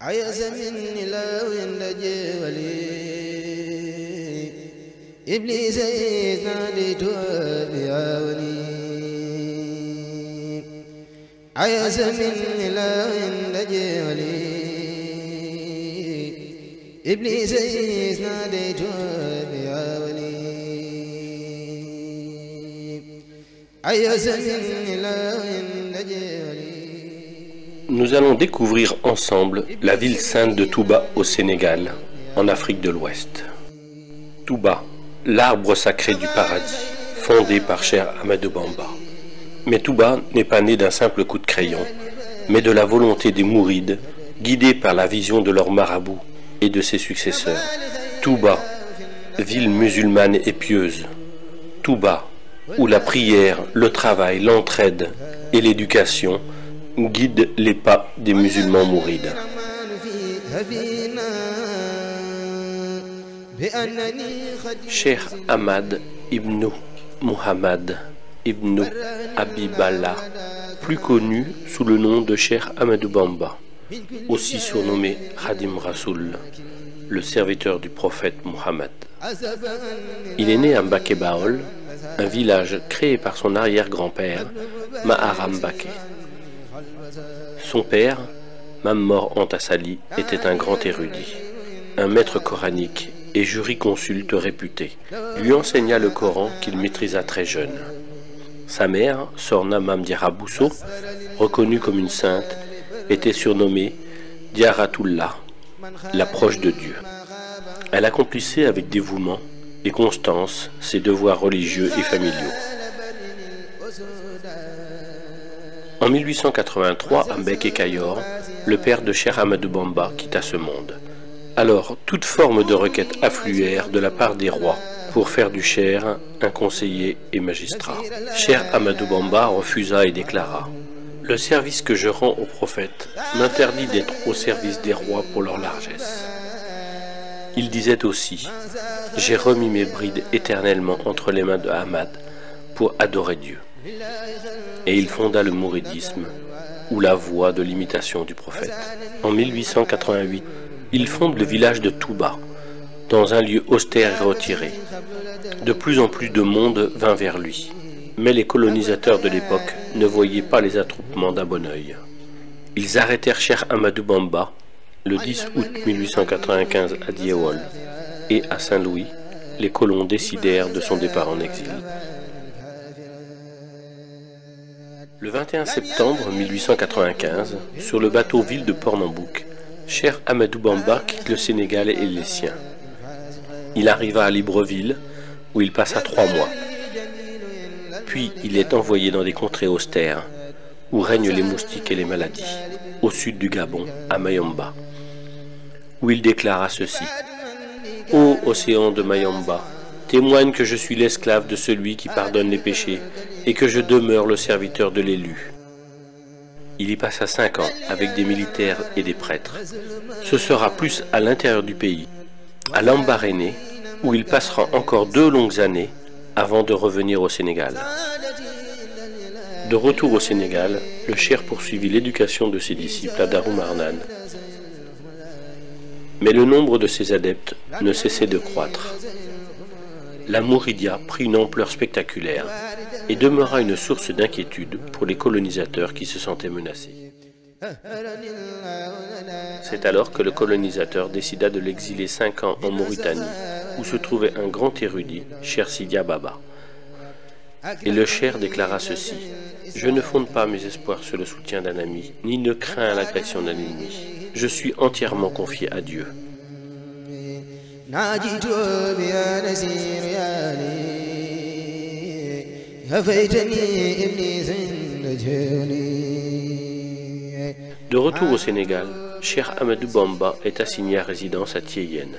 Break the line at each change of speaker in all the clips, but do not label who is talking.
عيس مني لو ينجي ولي إبليس يناديت يا ولي
عيس مني لو ينجي ولي إبليس يناديت يا ولي عيس مني لو
nous allons découvrir ensemble la ville sainte de Touba au Sénégal, en Afrique de l'Ouest. Touba, l'arbre sacré du paradis, fondé par cher Ahmed Bamba. Mais Touba n'est pas né d'un simple coup de crayon, mais de la volonté des mourides, guidés par la vision de leur marabout et de ses successeurs. Touba, ville musulmane et pieuse. Touba, où la prière, le travail, l'entraide et l'éducation guide les pas des musulmans mourides. Cheikh Ahmad ibn Muhammad ibn Abiballah, plus connu sous le nom de Cheikh Ahmadou Bamba, aussi surnommé Khadim Rasoul, le serviteur du prophète Muhammad. Il est né à Mbaké Baol, un village créé par son arrière-grand-père, Son père, Mammor Antassali, était un grand érudit, un maître coranique et jurisconsulte réputé. Lui enseigna le Coran qu'il maîtrisa très jeune. Sa mère, Sorna Mamdiara Bousso, reconnue comme une sainte, était surnommée Diaratullah, l'approche de Dieu. Elle accomplissait avec dévouement et constance ses devoirs religieux et familiaux. En 1883, à Mbek et Cayor, le père de Cher Amadou quitta ce monde. Alors, toute forme de requête affluèrent de la part des rois pour faire du Cher un conseiller et magistrat. Cher Amadou refusa et déclara le service que je rends aux prophètes m'interdit d'être au service des rois pour leur largesse. Il disait aussi, j'ai remis mes brides éternellement entre les mains de Hamad pour adorer Dieu. et il fonda le mouridisme, ou la voie de l'imitation du prophète. En il fonde le village de Touba, dans un lieu austère et retiré. De plus en plus de monde vint vers lui, mais les colonisateurs de l'époque ne voyaient pas les attroupements d'un bon oeil. Ils arrêtèrent Cher Amadou Bamba le août à Diawol, et à Saint-Louis, les colons décidèrent de son départ en exil. Le 21 septembre 1895, sur le bateau Ville de Pornambouc, cher Amadou Bamba quitte le Sénégal et les siens. Il arriva à Libreville, où il passa trois mois. Puis il est envoyé dans des contrées austères, où règnent les moustiques et les maladies, au sud du Gabon, à Mayomba, où il déclara ceci. Ô océan de Mayomba, témoigne que je suis l'esclave de celui qui pardonne les péchés et que je demeure le serviteur de l'élu. Il y passa cinq ans avec des militaires et des prêtres. Ce sera plus à l'intérieur du pays, à Lambaréné, où il passera encore deux longues années avant de revenir au Sénégal. De retour au Sénégal, le Cher poursuivit l'éducation de ses disciples à Darumarnan. Mais le nombre de ses adeptes ne cessait de croître. La Mouridia prit une ampleur spectaculaire et demeura une source d'inquiétude pour les colonisateurs qui se sentaient menacés. C'est alors que le colonisateur décida de l'exiler cinq ans en Mauritanie, où se trouvait un grand érudit, Cher Sidia Baba. Et le Cher déclara ceci Je ne fonde pas mes espoirs sur le soutien d'un ami, ni ne crains l'agression d'un ennemi. Je suis entièrement confié à Dieu. De retour au Sénégal, Cheikh Ahmedou Bamba est assigné à résidence à Thiéyenne.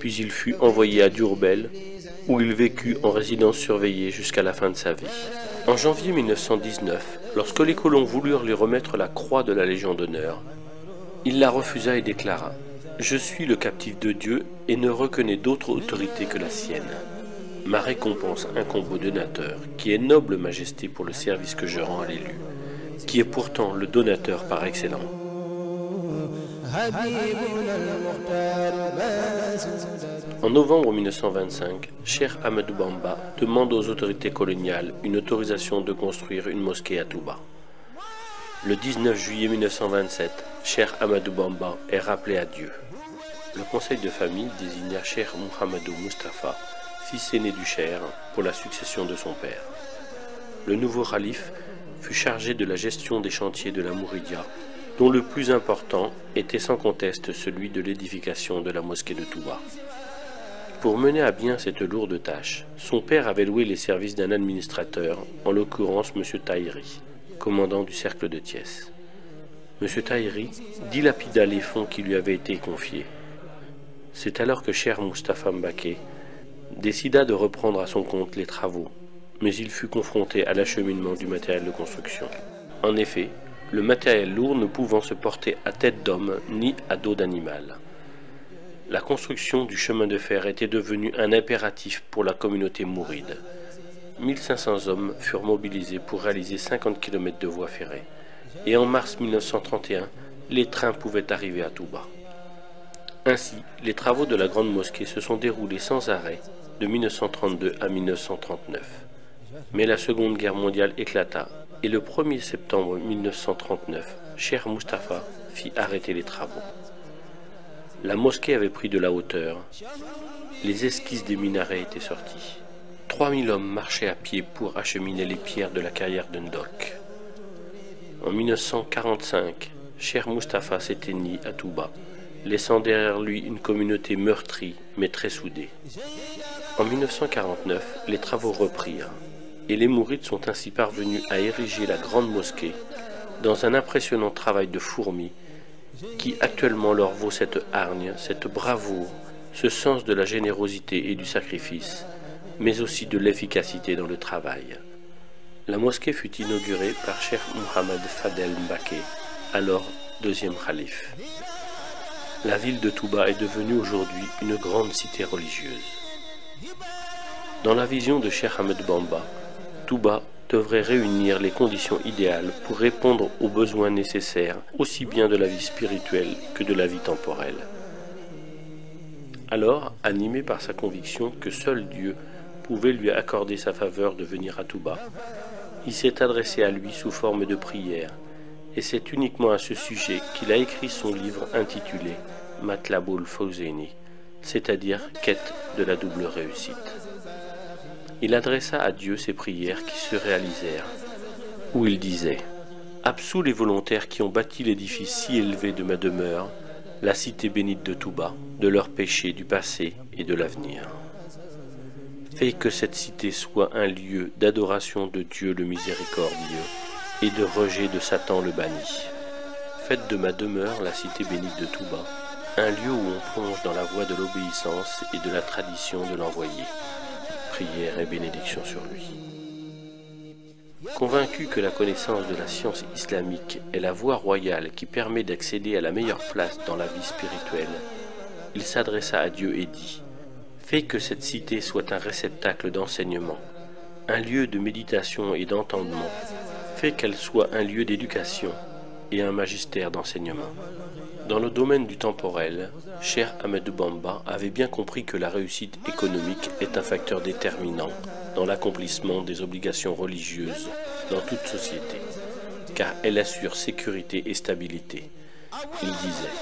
Puis il fut envoyé à Diourbel, où il vécut en résidence surveillée jusqu'à la fin de sa vie. En janvier lorsque les colons voulurent lui remettre la croix de la Légion d'honneur, il la refusa et déclara « Je suis le captif de Dieu et ne reconnais d'autre autorité que la sienne ». Ma récompense incombe au donateur, qui est noble majesté pour le service que je rends l'élu, qui est pourtant le donateur par excellence. En novembre 1925, Cher Bamba demande aux autorités coloniales une autorisation de construire une mosquée à Touba. Le juillet 1927, Ahmadou Bamba est rappelé à Dieu. Le conseil de famille désigna Cher Muhammadou Mustafa fils aîné du pour la succession de son père. Le nouveau calife fut chargé de la gestion des chantiers de la Mouridia, dont le plus important était sans conteste celui de l'édification de la mosquée de Touba. Pour mener à bien cette lourde tâche, son père avait loué les services d'un administrateur, en l'occurrence M. Taïri, commandant du cercle de Thiès. M. Taïri dilapida les fonds qui lui avaient été confiés. C'est alors que cher Mustapha décida de reprendre à son compte les travaux, mais il fut confronté à l'acheminement du matériel de construction. En effet, le matériel lourd ne pouvant se porter à tête d'homme ni à dos d'animal. La construction du chemin de fer était devenue un impératif pour la communauté mouride. 1500 hommes furent mobilisés pour réaliser 50 km de voies ferrées. Et en mars les trains pouvaient arriver à Touba. Ainsi, les travaux de la Grande Mosquée se sont déroulés sans arrêt de à Mais la Seconde Guerre mondiale éclata et le 1er septembre 1939, fit arrêter les travaux. La mosquée avait pris de la hauteur. Les esquisses des minarets étaient sorties. 3000 hommes marchaient à pied pour acheminer les pierres de la carrière de En 1945, s'éteignit à Touba laissant derrière lui une communauté meurtrie mais très soudée. En 1949, les travaux reprirent et les Mourides sont ainsi parvenus à ériger la grande mosquée dans un impressionnant travail de fourmi qui actuellement leur vaut cette hargne, cette bravoure, ce sens de la générosité et du sacrifice, mais aussi de l'efficacité dans le travail. La mosquée fut inaugurée par Cheikh Mohamed Fadel Mbake, alors deuxième calife. la ville de Touba est devenue aujourd'hui une grande cité religieuse. Dans la vision de Cheikh Ahmed Bamba, Touba devrait réunir les conditions idéales pour répondre aux besoins nécessaires aussi bien de la vie spirituelle que de la vie temporelle. Alors, animé par sa conviction que seul Dieu pouvait lui accorder sa faveur de venir à Touba, il s'est adressé à lui sous forme de prière et c'est uniquement à ce sujet qu'il a écrit son livre intitulé Matlaboul Fawzeni, c'est-à-dire Quête de la double réussite. Il adressa à Dieu ses prières qui se réalisèrent, où il disait Absous les volontaires qui ont bâti l'édifice si élevé de ma demeure, la cité bénite de Touba, de leurs péchés du passé et de l'avenir. Fais que cette cité soit un lieu d'adoration de Dieu le miséricordieux et de rejet de Satan le banni. Faites de ma demeure la cité bénite de Touba, un lieu où on plonge dans la voie de l'obéissance et de la tradition de l'envoyé. Prière et bénédiction sur lui. Convaincu que la connaissance de la science islamique est la voie royale qui permet d'accéder à la meilleure place dans la vie spirituelle, il s'adressa à Dieu et dit Fais que cette cité soit un réceptacle d'enseignement, un lieu de méditation et d'entendement, fait qu'elle soit un lieu d'éducation et un magistère d'enseignement. Dans le domaine du temporel, cher Ahmed Bamba avait bien compris que la réussite économique est un facteur déterminant dans l'accomplissement des obligations religieuses dans toute société, car elle assure sécurité et stabilité. Il disait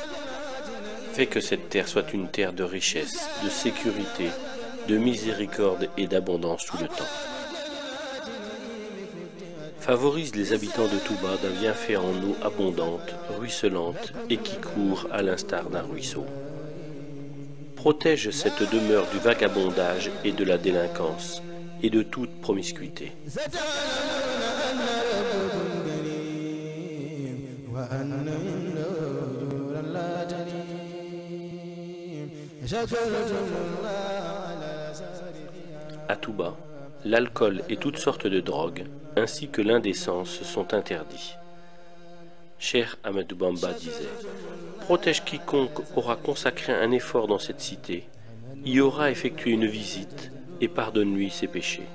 Fais que cette terre soit une terre de richesse, de sécurité, de miséricorde et d'abondance tout le temps. favorise les habitants de Touba d'un bienfait en eau abondante, ruisselante et qui court à l'instar d'un ruisseau. Protège cette demeure du vagabondage et de la délinquance et de toute promiscuité. À Touba, l'alcool et toutes sortes de drogues, ainsi que l'indécence, sont interdits. Cher Ahmed disait Protège quiconque aura consacré un effort dans cette cité, y aura effectué une visite, et pardonne-lui ses péchés.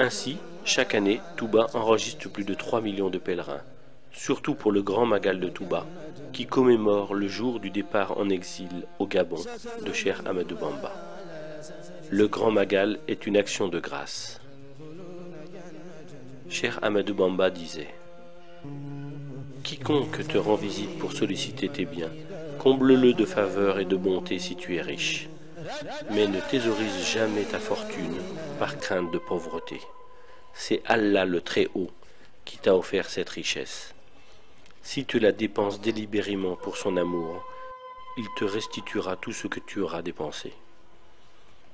Ainsi, chaque année, Touba enregistre plus de 3 millions de pèlerins, surtout pour le grand magal de Touba, qui commémore le jour du départ en exil au Gabon de Le Grand Magal est une action de grâce. Cher Amadou Bamba disait Quiconque te rend visite pour solliciter tes biens, comble-le de faveur et de bonté si tu es riche, mais ne thésaurise jamais ta fortune par crainte de pauvreté. C'est Allah le Très-Haut qui t'a offert cette richesse. Si tu la dépenses délibérément pour son amour, il te restituera tout ce que tu auras dépensé.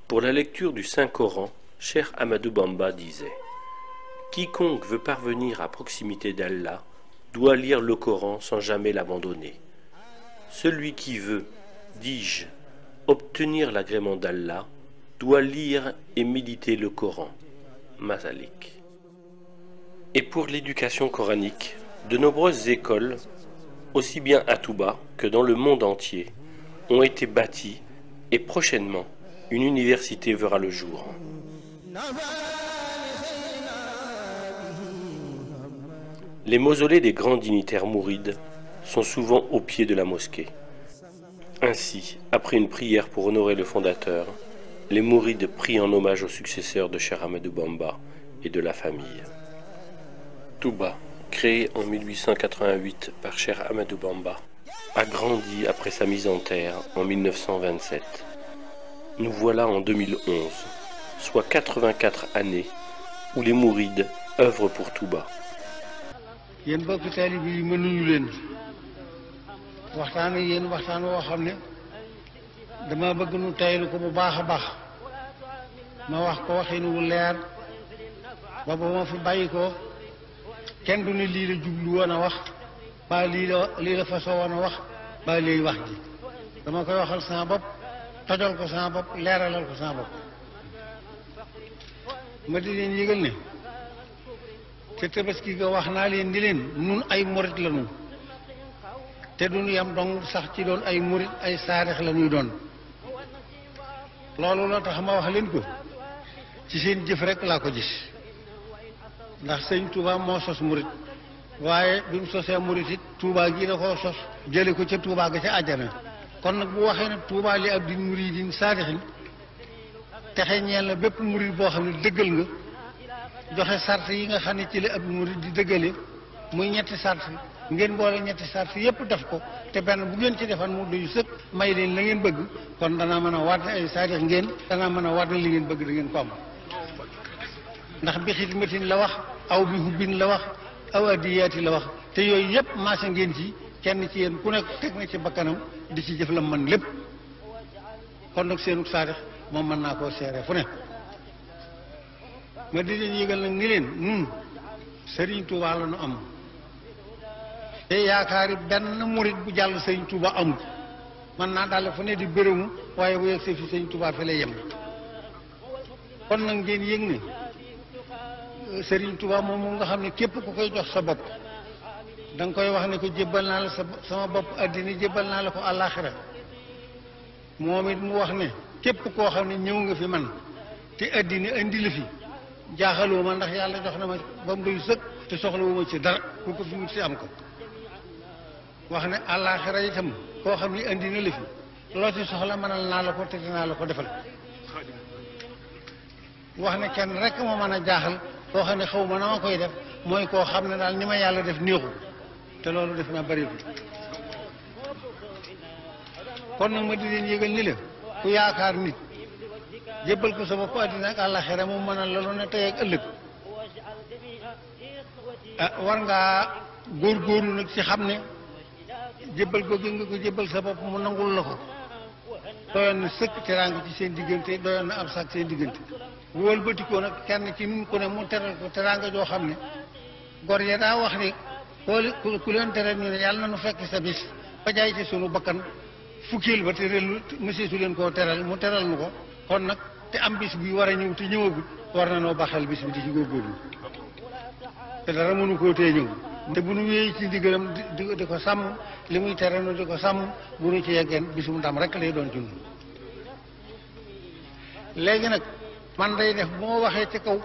Pour la lecture du Saint-Coran, cher Amadou Bamba disait Quiconque veut parvenir à proximité d'Allah doit lire le Coran sans jamais l'abandonner. Celui qui veut, dis-je, obtenir l'agrément d'Allah doit lire et méditer le Coran. Mazalik. Et pour l'éducation coranique, de nombreuses écoles, aussi bien à Touba que dans le monde entier, ont été bâties et prochainement une université verra le jour. Les mausolées des grands dignitaires mourides sont souvent au pied de la mosquée. Ainsi, après une prière pour honorer le fondateur, les mourides prient en hommage au successeur de Cheikh Ahmadou Bamba et de la famille. Touba, créé en 1888 par Cheikh Ahmadou Bamba, a grandi après sa mise en terre en nous voilà en 2011, soit 84 années où les Mourides œuvrent pour Touba.
yéen bokk taalib yi mënuñu leen waxtaan yéen waxtaan woo xam ne dama bëgg nu taylu ko bu baax a baax ma wax ko waxin wu leer ba ba ma fi bàyyi ko kenn du ne lii la jublu woon a wax ba lii la façon woon a wax ba lii wax ji dama koy waxal sama bopp tojal ko sama bopp leeralal ko sama bopp ma di leen yëgal ne te tabaski ga wax naa leen di leen nun ay morit la ñu te duñu yam dong sax ci doon ay morit ay saarix la ñuy doon loolu la tax ma wax leen ko ci seen jëf rek laa ko gis ndax sëñ Touba moo sos murit waaye bi mu sosee murit it Touba gii da koo sos jële ko ca tuubaa ga ca àjjana kon nag bu waxee ne ab li abdin muridin saadixin texe ñeel na bépp murid boo xam ne dëggal nga joxe sart yi nga xam ne ci la ab murid di dëggale muy ñetti sart ngeen boole ñetti sart yépp def ko te benn bu ngeen ci defan mu doyu sëkk may leen la ngeen bëgg kon danaa mën a waat ay saadix ngeen danaa mën a waat ne li ngeen bëgg da ngeen ko am ndax bi xidmatin la wax aw bi hubbin la wax aw addiyaati la wax te yooyu yépp maase ngeen ci kenn ci yéen ku nekk teg na ci bakkanam di ci jëf la man lépp kon nag seenu saadix moom mën naa koo seere fu ne nga di leen yëgal nag ni leen nun sëriñ Tuuba la nu am te yaakaari benn murit bu jàll sëriñ Tuuba amul man naa daal fu ne di bérému waaye bu yegg fi sëriñ Tuuba fi lay yem kon nag ngeen yëg ne sëriñ Tuuba moom mu nga xam ne képp ku koy jox sa bopp da nga koy wax ne ko jébbal naa la sa sama bopp àddina jébbal naa la ko àllaaxira moom it mu wax ne képp koo xam ne ñëw nga fi man te àddina indi la fi jaaxaloo ma ndax yàlla jox na ma ba mu doy sëkk te soxlawuma ci dara ku ko fi wut si am ko wax ne àllaaxira itam koo xam ne indi na la fi loo ci soxla mënal naa la ko te dinaa la ko defal wax ne kenn rek ma mën a jaaxal koo xam ne xaw ma na ma koy def mooy koo xam ne daal ni ma yàlla def néexu te loolu def naa bëriwul kon nag ma di leen yëgal ni la ku yaakaar nit jébbal ko sa bopp àddina ak àllaxira mu mënal la lu ne tey ak ëllëg ah war ngaa góorgóorlu nag ci xam ne jébbal ko gi nga ko jébbal sa bopp mu nangul la ko doyoon na sëkk teraanga ci seen diggante doyoon na am sax seen diggante wëlbatikoo nag kenn ci nun ku ne mu teral ko teraanga joo xam ne gor daa wax ni xooli ku leen tere ñu ne yàlla na nu fekk sa bis ba jaay ci sunu bakkan fukkeel ba te rellu monsieur su leen koo teral mu teral nu ko kon nag te am bis bi war a ñëw te ñëwagul war na noo baxal bis bi di ci góorgóorlu te dara mënu koo tee ñëw te bu nu wéyee ci diggalam di di ko sàmm li muy tere nu di ko sàmm bu nu ci yeggeen bisum ndam rekk lay doon ci léegi nag man day def bu waxee ci kaw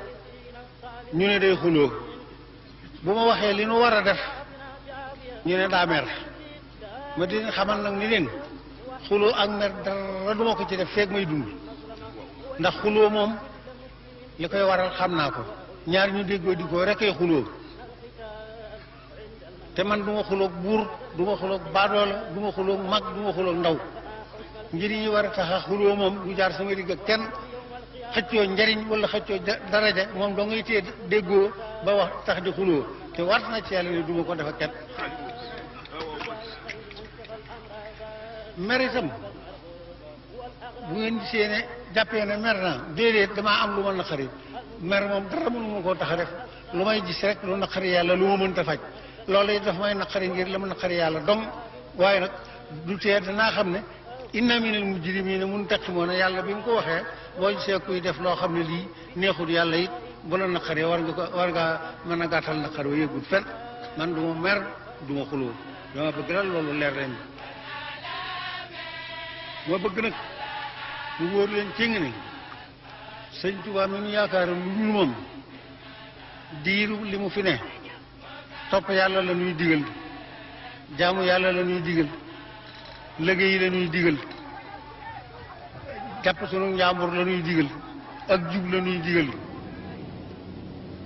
ñu ne day xuloo bu ma waxee li nu war a def ñu ne daa mer ma di xamal nag ni leen xuloo ak mer dara duma ko ci def feeg may dund ndax xuloo moom li koy waral xam naa ko ñaar ñu déggoo di ko xuloo te man du ma xuloog buur du ma xuloog baadoola du ma mag du ma xuloog ndaw ngir yi war a tax a xuloo moom du jaar sama digg ak kenn xëccoo njariñ walla xëccoo daraja moom doo ngay téye déggoo ba wax tax di xuloo te war na ci yàlla ni duma ko defa kat mer bu ngeen gisee ne jàppee ne mer naa déedéet damaa am lu ma naqari mer moom dara mënu ma koo tax a def lu may gis rek lu naqari yàlla lu ma mënta faj loolu it dafa may naqari ngir la ma naqari yàlla dong waaye nag du tee danaa xam ne inna mun mujrimina muntaqimuna yàlla bi mu ko waxee boo gisee kuy def loo xam ne lii neexul yàlla it bu la naqaree war nga ko mën a gàttal naqar wa yëgul fen man du ma mer du ma xuloo dama bëgg daal loolu leer leen ma bëgg nag mu wóor leen ci ne sëñ Tuubaa mi mu yaakaar lu dul moom diiru li mu fi ne topp yàlla la ñuy digal jaamu yàlla la ñuy digal léegi la ñuy digal jàpp sunu njàmbur la ñuy digal ak jub la ñuy digal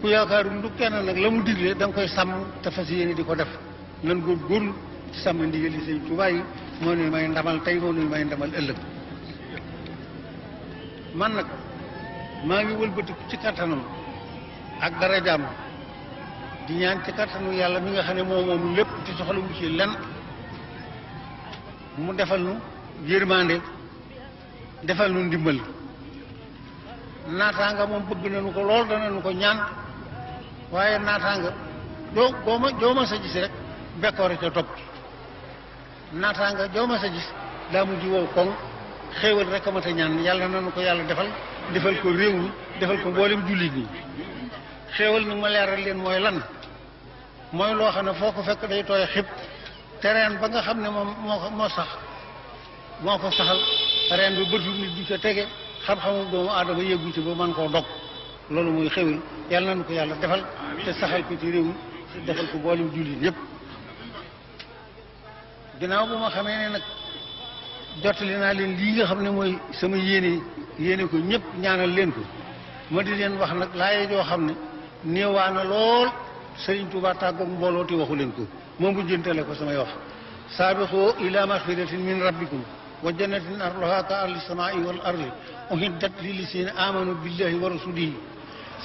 ku yaakaarum du kenn nag la mu digle da koy sàmm te fas yéene di ko def nan góor góorlu ci sàmm ndigal yi sëñ Tuubaa yi may ndamal tey moo nuy may ndamal ëllëg man nag maa ngi wëlbatiku ci kattanam ak dara jàmm di ñaan ci kattanu yàlla mi nga xam ne moom moom lépp ci soxla wu ci lenn mu defal nu yërmande defal nu ndimbal naataanga moom bëgg nañu ko lool danañu ko ñaan waaye naataanga joo boo ma sa gis rek bekkoore ca topp naataanga joo sa gis daa mu ji wow koŋ xéewal rek a mat a ñaan yàlla nañu ko yàlla defal defal ko réew mi defal ko mboolem jullit ñi xéewal ni ma leeral leen mooy lan mooy loo xam ne foo ko fekk day tooy xib terrain ba nga xam ne moom moo moo sax moo ko saxal terrain bi bëtu nit di ko tege xam-xamu doomu aadama yëggu ci ba mën koo dog loolu muy xewil yàlla nañu ko yàlla defal te saxal ko ci réew mi defal ko boolem jullit yëpp ginnaaw bu ma xamee ne nag jottali naa leen lii nga xam ne mooy sama yéene yéene ko ñëpp ñaanal leen ko ma di leen wax nag laay joo xam ne néewaa na lool Sëriñ Tuubaa tàggoog mbooloo te waxu leen ko moom bu jëntale ko sama yoon saabiqu ila maxfiratin min rabbikum wa jannatin arduha ka ardi samaai wal ardi uhiddat lillazina amanu billahi wa rasulihi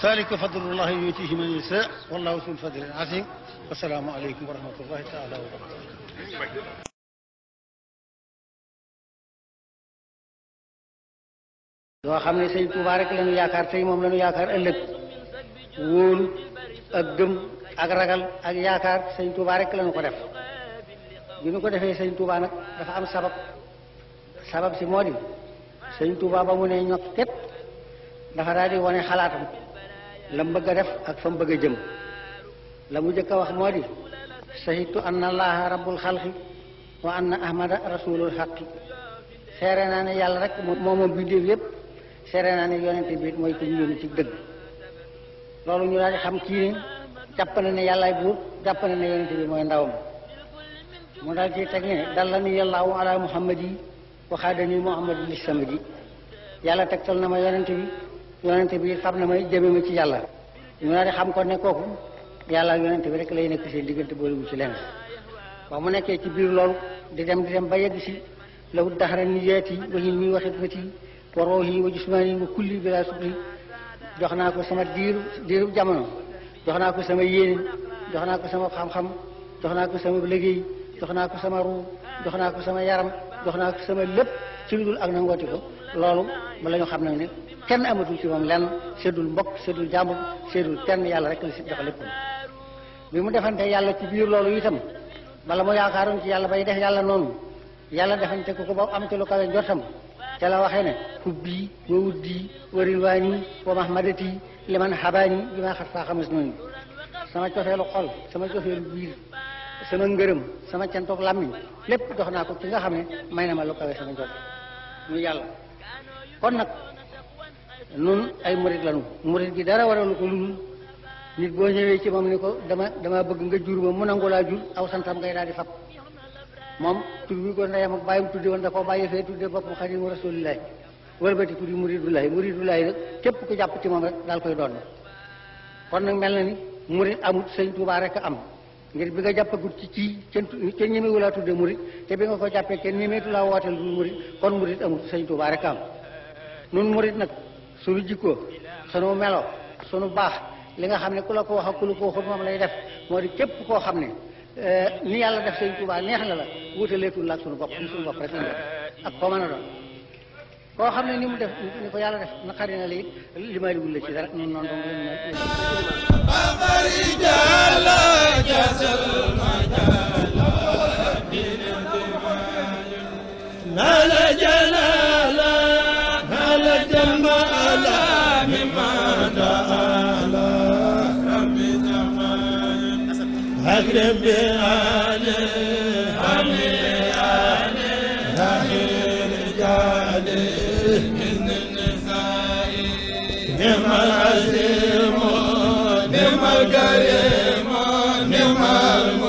zalika fadlullahi yutihi man yasa wallahu zul fadli azim assalaamu
aleykum wa rahmatullahi taala wa barakatuh yoo xam ne sëñ Tuubaa rek la ñu yaakaar tey
moom la ñu yaakaar ëllëg wóolu ak gëm ak ragal ak yaakaar sëñ Touba rek la ko def bi ñu ko defee sëñ Touba nag dafa am sabab sabab si moo di sëñ Touba ba mu ne ñokk képp dafa daal di wane xalaatam la mu bëgg a def ak fa mu a jëm la mu njëkk wax moodi di sahitu anna allaha rabbul xalqi wa anna ahmada rasulul xaqi seere naa ne yàlla rek moo moom bindéef yépp seere naa ne yonente bi mooy ko ñu ci dëgg loolu ñu daal xam kii ne jàpp na ne yàllaay buur jàpp na ne yonente bi mooy ndawam mu daal ci teg ne dalla ni yàllaahu ala muhammad yi waxaada ni muhammad li samadi yàlla teg tegtal na ma yonente bi yonente bi xam na may jëme ma ci yàlla ñu daal xam ko ne kooku yàlla yonente bi rek lay nekk seen diggante boolegu ci leen wax mu nekkee ci biir loolu di dem di dem ba yegg si lawu daxara ni yeeti waxin mi waxit fati wa roohi wa jismaani wa kulli bila sukri jox naa ko sama diiru diiru jamono jox naa ko sama yéene jox naa ko sama xam-xam jox naa ko sama liggéey jox naa ko sama ruu jox naa ko sama yaram jox naa ko sama lépp ci lu dul ak nangooti ko loolu ba la xam nag ne kenn amatul ci moom lenn seddul mbokk seddul jàmbur seddul kenn yàlla rek si jox lépp bi mu defante yàlla ci biir loolu itam bala mu yaakaaroon ci yàlla bay def yàlla noonu yàlla defante ko ko ba am ci lu kawe njortam te la waxee ne hubbii wa wuddii wa rilwaanii li man xabaani li ma xat faa xamas noonu sama cofeelu xol sama cofeelu biir sama ngërëm sama cantoog làmmiñ lépp dox naa ko ci nga xam ne may na ma lu kawee sama njot muy yàlla kon nag nun ay murit lanu murit gi dara waral ko lu nit boo ñëwee ci moom ni ko dama dama bëgg nga jur ma mu nangu laa jur aw santam ngay daal di fab moom tur bi ko ndeyam ak bàyyam tudde woon da koo bàyyi fee tudde boppam wëlbatiku di muridullahi muridullahi nag képp ku jàpp ci moom rek daal koy doon kon nag mel na ni murid amut sëñ Tuubaa rek am ngir bi nga jàppagut ci ci kenn ñemewu laa te bi nga ko jàppee kenn ñemeetu laa wooteel du kon murid amut sëñ Tuubaa rek am nun murid nag sunu jikkoo sunu melo sunu baax li nga xam ne ku la ko wax ak ku la ko waxut moom lay def moo di képp koo xam ne eh, ni yàlla def sëñ Tuubaa neex na la wutaleetul la ak sunu bopp sunu bopp rek ak koo mën a doon koo xam ne ni mu def ni ko yàlla def naqari na lii limaali wul la ci dara noonu noonu dong la ñu
mel. العزيم نعم الكريم نعم